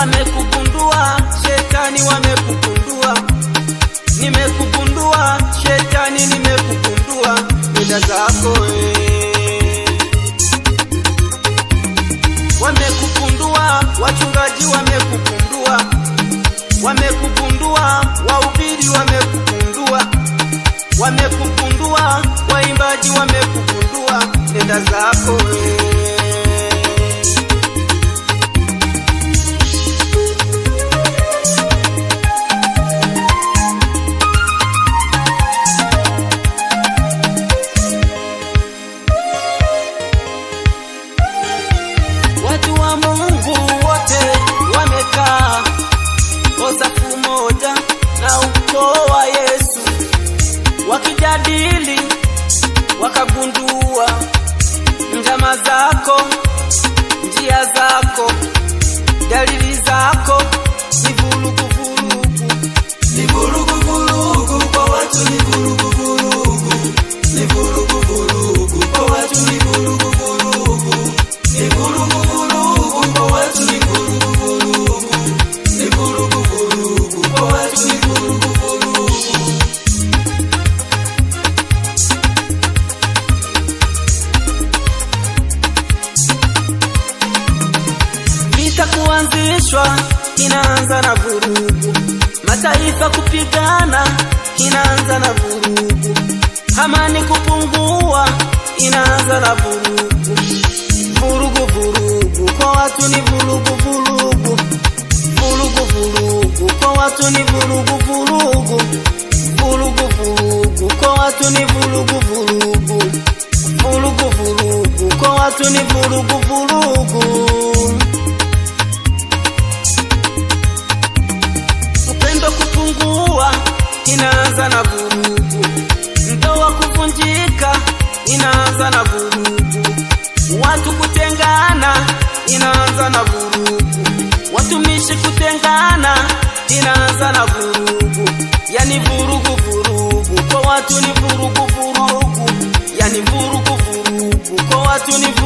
wamekugundua shetani, wamekugundua nimekugundua shetani, nimekugundua enda zako eh, wamekugundua wachungaji, wamekugundua wamekugundua wahubiri, wamekugundua wamekugundua waimbaji, wamekugundua enda zako eh. wa Yesu, wakijadili wakagundua, njama zako, njia zako, dalili zako kuchwa inaanza na vurugu, mataifa kupigana inaanza na vurugu, amani kupungua inaanza na vurugu. Vurugu vurugu kwa watu ni vurugu vurugu, vurugu vurugu kwa watu ni vurugu vurugu, vurugu vurugu kwa watu ni vurugu vurugu, vurugu vurugu kwa watu ni vurugu vurugu. inaanza na vurugu, watu kutengana inaanza na vurugu, watumishi kutengana inaanza na vurugu, yani vurugu vurugu kwa watu ni vurugu vurugu, yani vurugu vurugu kwa watu ni